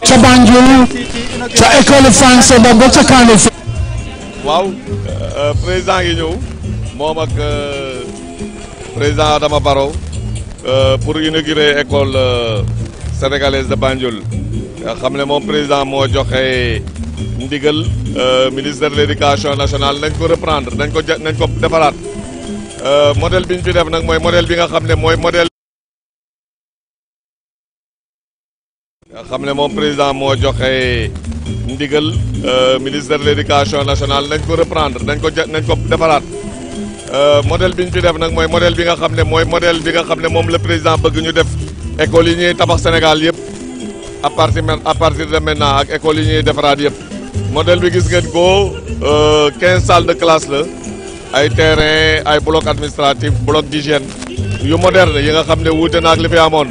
ca Banjul ca école français ba ba ca Kano waaw euh, président ngi ñëw moom ak euh, président dama Barrow euh, pour inaugurer école sénégalaise de Banjul nga xam ne moom président moo joxe ndigal ministre de l'éducation nationale nañ ko reprendre nañ ko nañ ko defaraat modèle bi ñu fi def nag mooy modèle bi nga xam ne mooy modèle xam ne moom président moo joxe ndigal euh, ministre de l' éducation nationale nañ ko reprendre nañ ko nañ ko defaraat euh, modèle bi ñu fi def nag mooy modèle bi nga xam ne mooy modèle bi nga xam ne moom la président bëgg ñu def école yi ñuy tabax Sénégal yëpp à partir à partir de maintenant ak école yi ñuy defaraat yëpp modèle bi gis ngeen ko 15 euh, salles de classe la ay terrain ay bloc administratif bloc d'hygiène yu moderne yi nga xam ne wuute na ak li fi amoon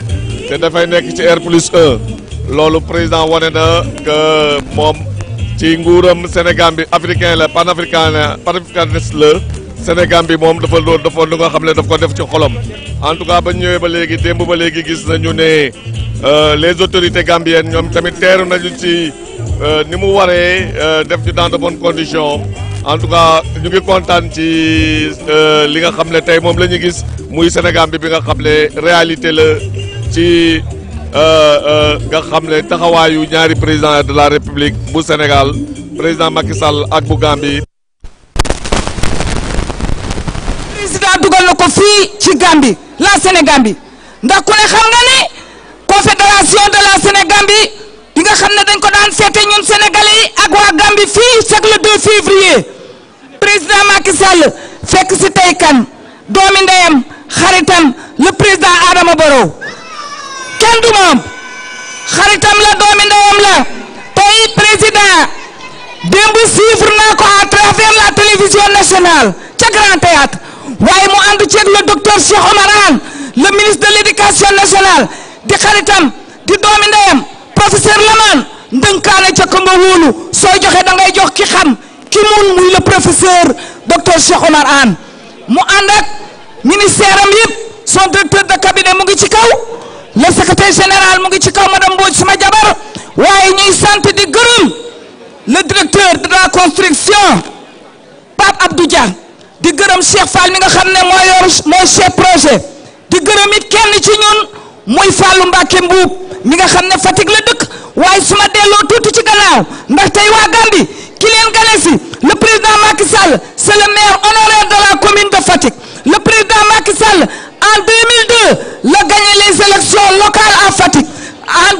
te dafay nekk ci R plus loolu président wane na que moom ci nguuram Sénégal bi africain la panafricain la panafricaniste la Sénégal bi moom dafa loolu dafa lu nga xam ne daf ko def ci xolam en tout cas ba ñëwee ba léegi démb ba léegi gis nañu ne euh, les autorités gambiennes ñoom tamit teeru nañu ci euh, ni mu waree euh, def ci dans de bonnes conditions en tout cas ñu ngi kontaan ci li nga xam ne tey moom la ñu gis muy Sénégal bi bi nga xam ne réalité la ci. nga xam ne taxawaayu ñaari président de la république bu Sénégal président Macky ak bu Gambie. président dugal na ko fii ci Gambie la Sénégambie ndax ku ne xam nga ne confédération de la Sénégambie bi nga xam ne dañ ko daan seete ñun sénégalais yi ak waa Gambie fii chaque le février président Macky fekk si tey kan doomi ndeyam xaritam le président Adama Barrow. kenn du moom xaritam la doomi ndeyam la tey président démb suivre naa ko à travers la télévision nationale ca Grand Théâtre waaye mu ànd ceeg le docteur Cheikh Omar Anne le ministre de l'éducation nationale di xaritam di doomi ndeyam professeur Lamane ndënkaane ca ko nga sooy joxe da jox ki xam ki mun muy le professeur docteur Cheikh Omar Anne mu ànd ak ministère am son directeur de cabinet mu ngi ci kaw le secrétaire général mu ngi ci kaw madame Mbodj suma jabar waaye ñuy sant di gërëm le directeur de la construction Pape Abdou di gërëm Cheikh Fall mi nga xam ne moo yor chef projet di gërëm it kenn ci ñun muy Fallou Mbacke Mbuub mi nga xam ne Fatick la dëkk waaye su ma delloo tuuti ci gannaaw ndax tey waa Gambie ki leen gane si président Macky Sall c'est le maire honoraire de la commune de Fatick le président Macky Sall en 2002 la gagné les élections locales à Fatick en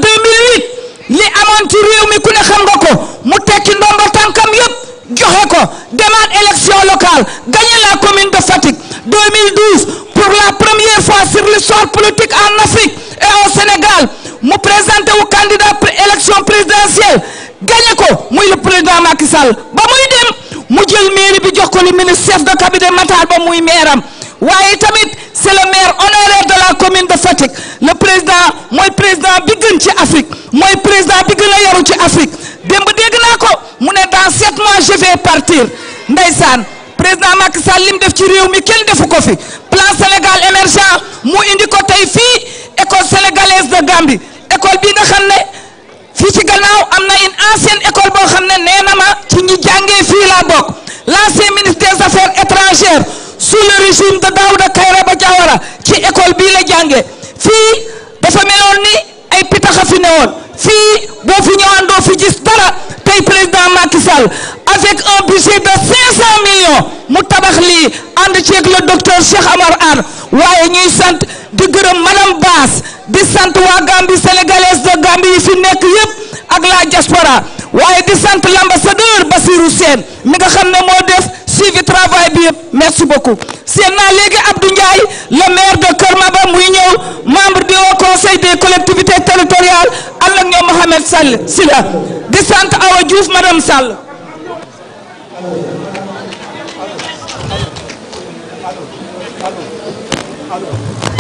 li amoon mi ku ne xam ko mu tekki ndomba tànkam yëpp joxe ko demaat élection locale gagné la commune de Fatick pour la première fois sur l'histoire politique en Afrique et au Sénégal mu présenté wu candidat élection présidentielle gagné ko muy le président Macky ba muy dem mu jël mairie bi jox ko le ministre chef de cabinet Matar ba muy maire waaye tamit c'est le maire honoraire de la commune de Fatick le président mooy président bi ci Afrique mooy président bi gën a ci Afrique démb dégg naa ko mu ne dans sept mois je vais partir ndeysaan président Macky Sall def ci réew mi kenn defu ko fi plan Sénégal émergent mu indi ko tey fii école sénégalaise de Gambie école bi nga xam ne fii ci gannaaw am na une ancienne école boo xam ne nee ma ci ñi jàngee fii laa bokk l'ancien ministre des affaires sous le régime de Daouda ci école bii la jànge fii dafa meloon ay pitax a fi newoon fii boo fi ñëwaan fi gis dara tey président Macky avec un budget de 500 mu tabax lii ànd ceeg le docteur Cheikh Amar Anne waaye ñuy sant di gërëm madame Bass di sant waa Gambie sénégalaise de Gambie yi fi nekk yëpp ak la diaspora waaye di sant l'ambassadeur Bassirou Sène mi nga xam ne moo def suivi travail yëpp merci beaucoup seen naa léegi Abdou Ndiaye maire de Kër muy ñëw membre du conseil des collectivités territoriales ànd ak ñoom Mohamed Sall Sila di sant Awa Diouf madame Sall. Allô, allô, allô.